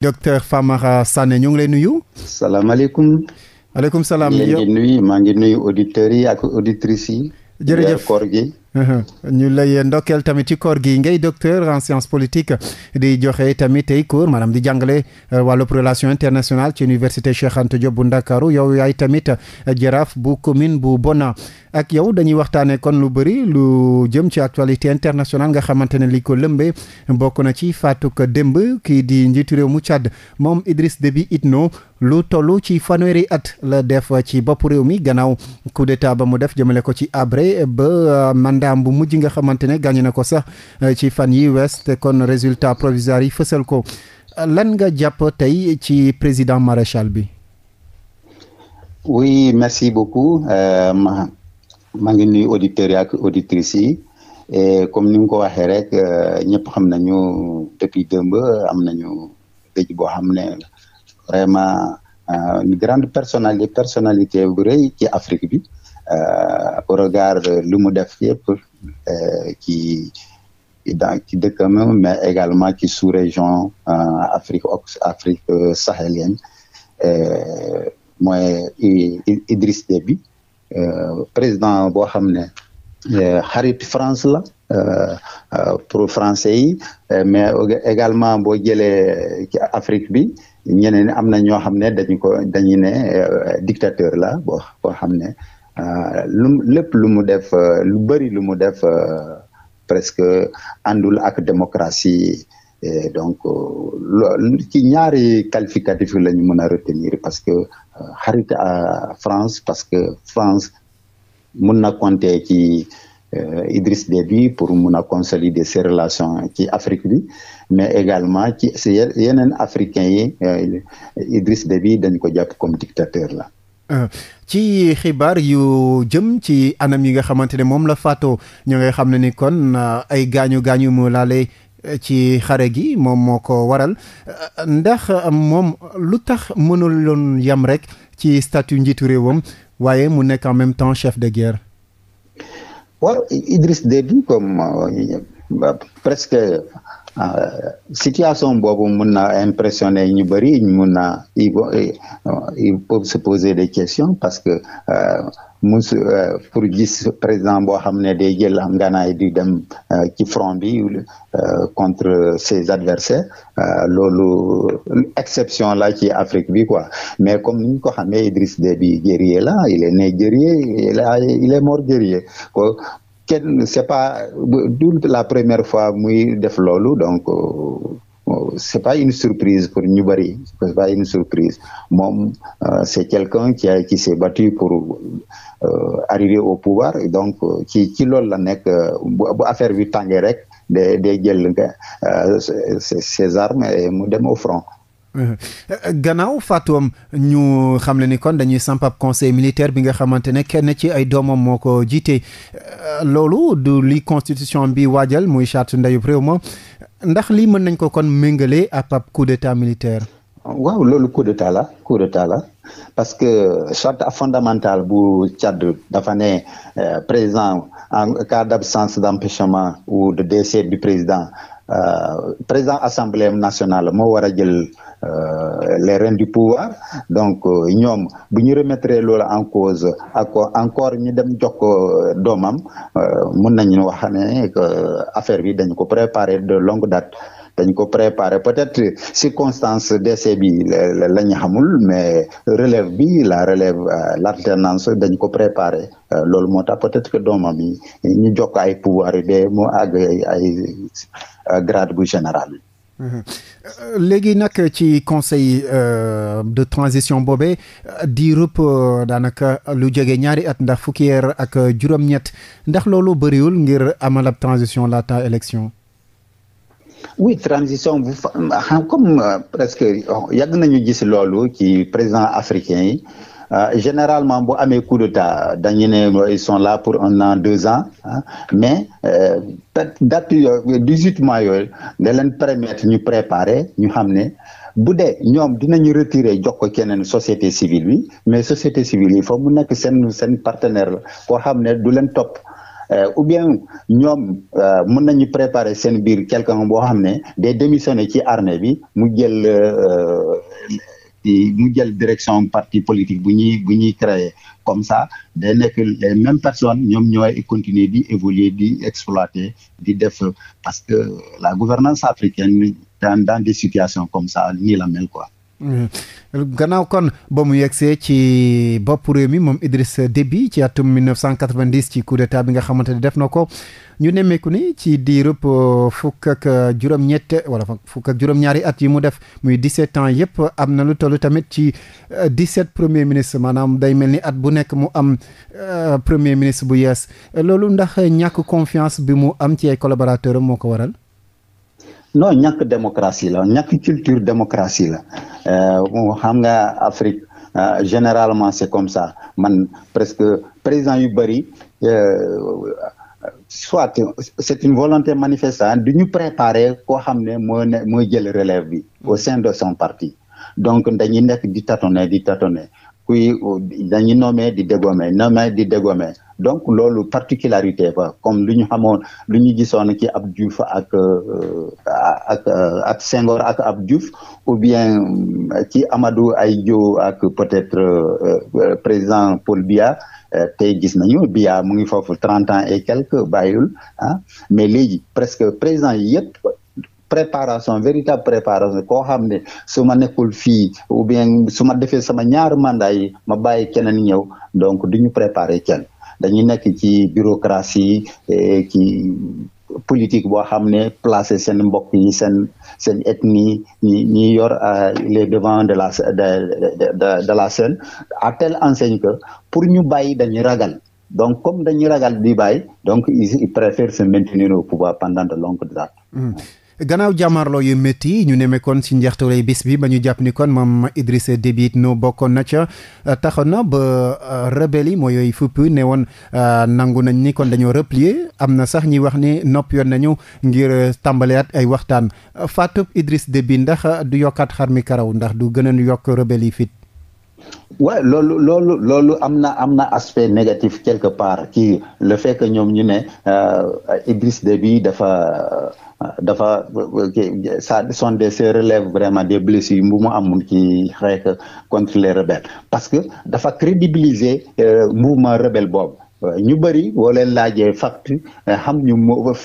docteur Famara sànne ñoo ngi lay nuyu. salaamaaleykum. maaleykum salaam. maa ngi nuyu maa ngi nuyu auditeurs yi ak auditrices yi. jërëjëf koor gi. Uh-huh. ñu lay ndokkeel tamit ci kor gi ngay docteur en sciences politiques di joxe tamit tey cours maanaam di jàngale uh, wàllub relation internationale ci université Cheikh Anta Diop bu Ndakaaru yow yaay tamit uh, jaraaf bu commune bu Bona ak yow dañuy waxtaanee kon lu bëri lu jëm ci actualité internationale nga xamante ne li ko lëmbe bokk na ci faatuk démb kii di njiitu réew mu Tchad moom Idriss it Itno lu toll ci fanweeri at la def ci bopp réew mi gannaaw coup d'état ba mu def jëmale ko ci Habré uh, mandaam bu mujj nga xamante ne gagné na ko sax euh, ci fan yi wees te kon résultat provisoire yi fësal ko lan nga jàpp tey ci président maréchal bi. oui merci beaucoup euh, ma maa ngi nuyu auditeurs yi ak auditrices yi et comme ni nga ko waxee rek euh, ñëpp xam nañu depuis démb am nañu dëj boo xam ne vraiment euh, une grande personnalité personnalité bu rëy ci Afrique bi. au euh, regard lu mu def yëpp ci euh, dans ci dëkkam mais également ki sous-région euh, Afrique Afrique sahélienne mooy Idriss Déby président boo xam ne xarit France la pour français yi mais également boo jëlee ci Afrique bi ñeneen am na ñoo xam ne dañu ko dañu ne dictateur la boo boo xam ne Euh, lu lépp lu mu def euh, lu bëri lu mu def euh, presque àndul ak démocratie et donc loolu ci ñaari qualificatif la ñu mën a retenir parce que xarit à France parce que France mun na compter ci Idriss Déby pour mun a consolider ses relations ci Afrique bi mais également ci yeneen africains yi Idriss Déby dañ ko jàpp comme dictateur la Euh, ci xibaar yu jëm ci anam yi nga xamante ne moom la faatoo ñu ngay xam ne ni kon euh, ay gaañu gaañu mu laale euh, ci xare gi moom moo ko waral ndax moom lu tax mënuloon yam rek ci statut njiitu réewam waaye mu nekk en même temps chef de guerre. waaw Idriss Déby comme presque. Euh, situation boobu mun na impressionner ñu bëri mun na euh, euh, ils peuvent se poser des question parce que mus pour président boo xam ne day jël am ganaay di dem ci front bi contre ses adversaires loolu exception la ci Afrique bi quoi mais comme ni ñu ko xamee Idriss Déby guerrier la il est né guerrier il est mort guerrier kenn c'est pas du la première fois muy def loolu donc euh, c'est pas une surprise pour ñu bari c'est pas une surprise moom euh, c'est quelqu'un qui a qui s'est battu pour euh, arriver au pouvoir donc ci ci loolu la nekk bu affaire bi tàngee rek de day jël ses armes et mu dem au gannaaw faatuwam ñu xam le ni kon dañuy samp ab conseil militaire bi nga xamante ne kenn ci ay doomam moo ko jiite loolu du li constitution bi waajal muy charte ndeyub réew ma ndax lii mën nañ ko kon méngale ab ab coup d'état militaire. waaw loolu coup d'état la coup d'état la parce que charte fondamentale bu Tchad dafa ne euh, président en cas d'absence d'empêchement ou de décès du président. Euh, président assemblée nationale moo war a jël euh, les rênes du pouvoir donc euh, ñoom bu ñu remettre loolu en cause encore ñu dem jox ko doomam mun nañu wax ne affaire bi dañ ko préparer de longue date. dañ ko préparer peut-être circonstance décès bi la ñu xamul mais relève bi la relève l'alternance dañ ko préparer loolu moo tax peut-être que doomam ñu jokk ay pouvoir yi de mu àgg ay grade bu général mmh. léegi nag ci conseil euh, de transition boobe diirub euh, daanaka lu jege ñaari at ndax fukki yeer ak juróom-ñett ndax loolu bëriwul ngir amal ab transition laata élection. oui transition bu comme euh, presque yàgg nañu gis loolu ci président africain yi. Euh, généralement bu amee coup d'état dañu ne ils sont là pour un an deux ans mais euh, date yooyu dix-huit mois yooyu da leen permettre ñu préparer ñu xam ne bu dee ñoom dinañu retirer jox ko keneen société civile bi mais société civile yi foofu mu nekk seen seen partenaire la koo xam ne du leen topp euh, ou bien ñoom mën nañu préparer seen biir quelqu'un boo xam ne day démissionner ci armée bi mu jël. parti mu jël direction parti politique bu ñuy bu ñuy créer comme ça day nekk les mêmes personnes ñoom ñooy continuer di évoluer di exploiter di def parce que la gouvernance africaine dans dans de situations comme ça nii la mel quoi Euh, gannaaw kon ba mu see ci boppu réew mi moom Idriss Déby ci atum 1990 ci coup d'état bi nga xamante ni def na ko ñu nemmeeku ni ci diirub euh, fukk ak euh, juróom-ñett wala fukk juróom-ñaari at yi mu def muy 17 ans yëpp am na lu toll tamit ci 17 premier ministre maanaam day mel ni at bu nekk mu am premier ministre bu yees loolu ndax ñàkk confiance bi mu am ci ay collaborateurs moo ko waral. non ñàkk démocratie la ñàkk culture démocratie la euh, xam nga Afrique euh, généralement c'est comme ça man presque président yu bëri euh, soit c'est une volonté manifestant du ñu préparer koo xam ne moo ne mooy jël relève bi au sein de son parti donc dañuy nekk di tâtonner di tâtonner kuy dañuy nommer di dégommer nommer di dégommer donc loolu particularité ba comme lu ñu xamoon lu ñu gisoon ci ab Diouf ak euh, ak euh, ak Senghor ak Abdou Diouf ou bien euh, ci ay Ahidjo ak peut-être président Paul Biya tey gis nañu Biya mu ngi foofu trente ans et quelques bàyyul ah mais léegi presque président yi yëpp préparation véritable préparation koo xam ne su ma nekkul fii ou bien su ma defee sama ñaari mandat yi ma bàyyi keneen ñëw donc du ñu préparer kenn dañuy nekk ci bureaucratie eh, ci politique boo xam ne placé seen mbokk yi seen seen ethnie ñi ñi yor euh, les devants de la de de de la scène à telle enseigne que pour ñu bàyyi dañuy ragal donc comme dañuy ragal di bàyyi donc ils préfèrent se maintenir au pouvoir pendant de longues dates. Mmh. gannaaw jàmmarloo yu métti yi ñu nemmeekoon ci njeextulay bis bi ba ñu jàpp ni kon moom Idrissa Déby it no bokkoon na ca taxoon na ba euh, rebelle yi moo yooyu fupp ne woon euh, nangu nañ ni kon dañoo replier am na sax ñi wax ni nopp yoon nañu ngir euh, tàmbaleyaat ay waxtaan faatub Idriss Déby ndax du yokkaat xar mi karaw ndax du gën a yokk rebelle yi fit waaw loolu loolu loolu am na am na aspect négatif quelque part qui le fait que ñoom ñu ne euh, Idriss Déby dafa euh, dafa ça sont des se relève vraiment des blessures bu mu amoon ci xeex contre les rebelles parce que dafa crédibiliser euh, mouvement rebelle boobu ñu bëri boo laaje laajee fact xam ñu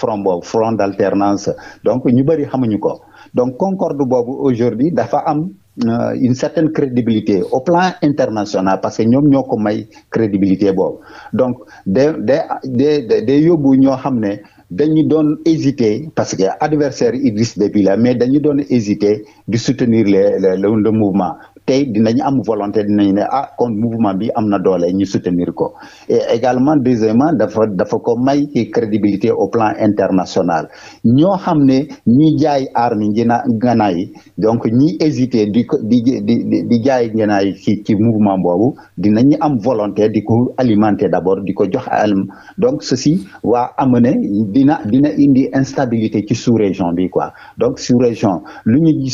front boobu front d'alternance donc ñu bëri xamuñu ko donc concorde boobu aujourd'hui dafa am Euh, une certaine crédibilité au plan international parce que ñoom ñoo ko may crédibilité boobu donc day day day day yóbbu ñoo xam ne dañu doon hésiter parce que adversaire Idriss de la mais dañu doon hésiter di soutenir les le le mouvement tey dinañu am volonté dinañu ne ah kon mouvement bi am na doole ñu soutenir ko et également deuxièmement dafa dafa ko may crédibilité au plan international ñoo xam ne ñi jaay arme njina nganaay yi donc ñi hésité di ko di di di jaay nganaay ci ci mouvement boobu dinañu am volonté di ko alimenter d'abord di ko jox alm donc ceci waa amener dina dina indi instabilité ci sous-région bi quoi donc sous-région lu ñu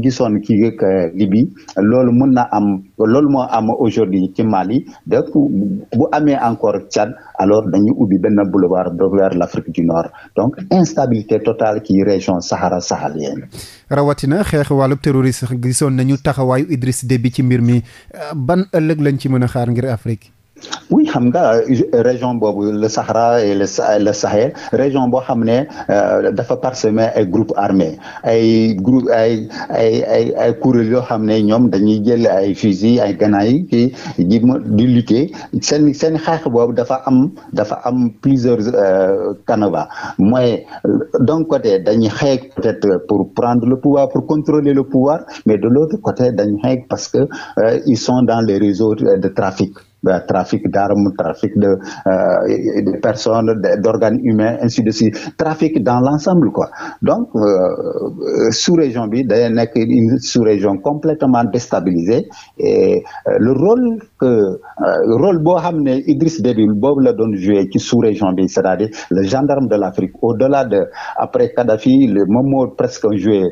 gisoon ki euh, Libye loolu mun na am loolu moo am aujourd'hui ci Mali donc bu amee encore Tchad alors dañuy ubbi benn boulevard vers l'Afrique du Nord donc instabilité totale ci région Sahara sahélienne rawatina xeex wàllub terroriste gisoon nañu taxawaayu Idriss Déby ci mbir mi ban ëllëg lañ ci mën a xaar ngir Afrique oui xam nga euh, région boobu le Sahara et le le région boo xam ne euh, dafa parsemé ay groupe armé ay groupe ay ay ay ay kuréel yoo xam ne ñoom dañuy jël ay fusil ay ganaay yi di di lutter sen seen xeex boobu dafa am dafa am plusieurs euh, canevas mooy d'un côté dañuy xeex peut-être pour prendre le pouvoir pour contrôler le pouvoir mais de l'autre côté dañuy xeex parce que ils sont dans les réseaux de trafic de euh, trafic d'armes, trafic de, euh, de personnes, d'organes humains, ainsi de suite. Trafic dans l'ensemble, quoi. Donc, euh, euh, sous-région bi day nekk une sous-région complètement déstabilisée et euh, le rôle que euh, rôle boo xam ne Idriss Déby boobu la doon joué ci sous-région bi c'est-à-dire le gendarme de l'Afrique au-delà de après Kadhafi le moom moo presque joué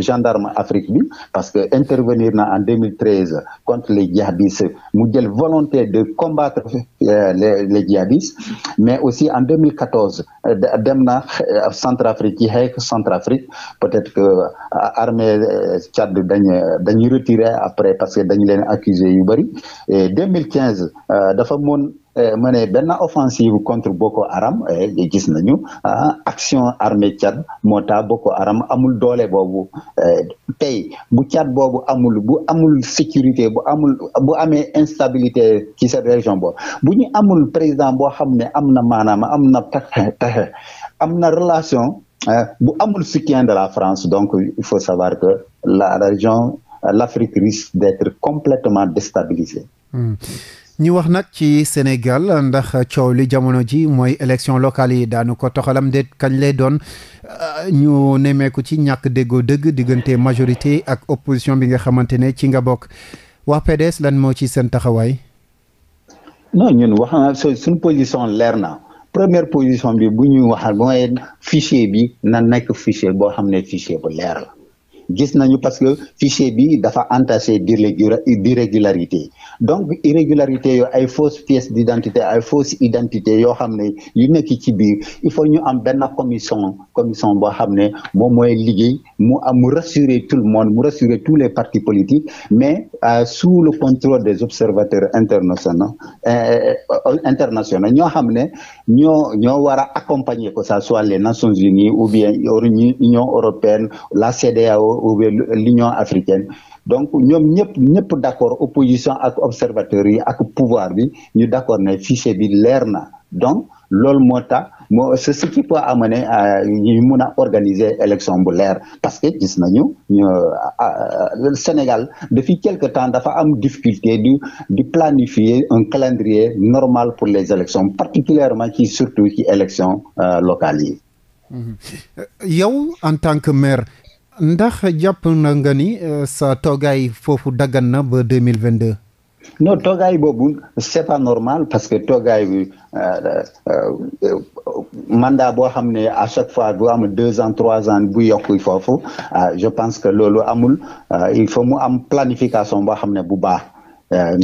gendarme Afrique bi parce que intervenir na en 2013 contre les djihadistes mu jël volonté de combattre euh, les les djihadistes mais aussi en deux 2014 euh, dem na euh, Centrafrique ci xeex Centrafrique peut-être que armée Tchad dañu dañu retiré après parce que dañu leen accusé yu bëri et 2015 dafa moon Euh, ma ne benn offensive contre Boko Haram euh, gis nañu ah, action armée Tchad moo tax Boko Haram amul doole boobu euh, tey bu Tchad boobu amul bu amul sécurité bu amul bu amee instabilité ci cette région boobu bu ñu amul président boo xam ne am na maanaam am na am na relation bu amul soutien de la France donc il faut savoir que la région l'Afrique risque d'être complètement déstabilisée. Mm. ñu wax nag ci Sénégal ndax coow li jamono ji mooy élection locale yi daanu ko toxalam de kañ lay doon euh, ñu nemmeeku ci ñàkk déggoo dëgg diggante majorité ak opposition bi nga xamante ne ci nga bokk waa PDS lan moo ci seen taxawaay. non ñun wax na suñ position leer na première position bi bu ñuy waxal mooy fichier bi na nekk fichier boo xam ne fichier bu leer la. gis nañu parce que fichier bi dafa entaché d'irrégularité donc irrégularité yooyu ay fausse pièce d'identité ay fausse identité yoo xam ne yu nekk ci biir il faut ñu am benn commission commission boo xam ne moom mooy liggéey mu am mu rassurer tout le monde mu rassurer tous les partis politiques mais euh, sous le contrôle des observateurs internationaux euh, euh internationaux ñoo xam ne ñoo ñoo war a accompagner que ça soit les Nations Unies ou bien l'Union européenne la CEDEAO ou bien l'Union africaine donc ñoom ñëpp ñëpp d'accord opposition ak observateur yi ak pouvoir bi ñu d'accord ne fichier bi leer na donc loolu moo tax moo c'est ce qui peut amener ñu mun a organiser élection bu leer parce que gis nañu ñu ah, ah, Sénégal depuis quelque temps dafa am difficulté di di planifier un calendrier normal pour les élections particulièrement ci surtout ci élection euh, locales yi. Mmh. Euh, yow en tant que maire ndax jàpp na nga ni euh, sa toogaay foofu daggan na ba deux mille vingt deux. non toogaay boobu c'est pas normal parce que toogaay bi euh, euh, mandat boo xam ne à chaque fois bu am deux ans trois ans bu yokku foofu je pense que loolu amul il faut mu am planification boo xam ne bu baax. Euh,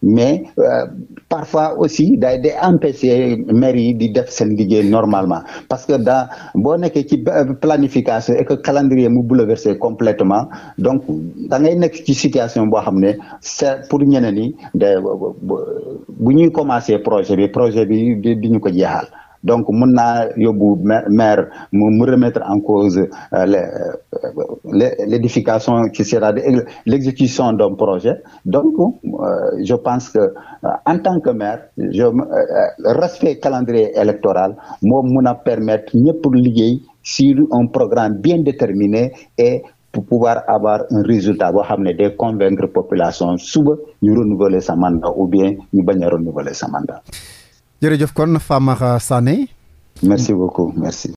mais euh, parfois aussi day de empêcher maire yi di def seen liggéey normalement parce que dans boo nekkee ci euh, planification et que calendrier mu bouleversé complètement donc da ngay nekk ci situation boo xam ne c'est pour ñeneen yi da bu ñuy commencer projet bi projet bi di ñu ko jeexal donc mun naa yóbbu maire mu remettre en cause euh, les euh, les l'édification qui sera l'exécution d'un projet donc euh, je pense que en tant que maire je respect calendrier électoral moom mun a permettre ñëpp liggéey sur un programme bien déterminé et pour pouvoir avoir un résultat boo xam ne day convaincre population suba ñu renouveler sa mandat ou bien ñu bañ a renouveler sa mandat jërëjëf kon Famara Sané merci beaucoup merci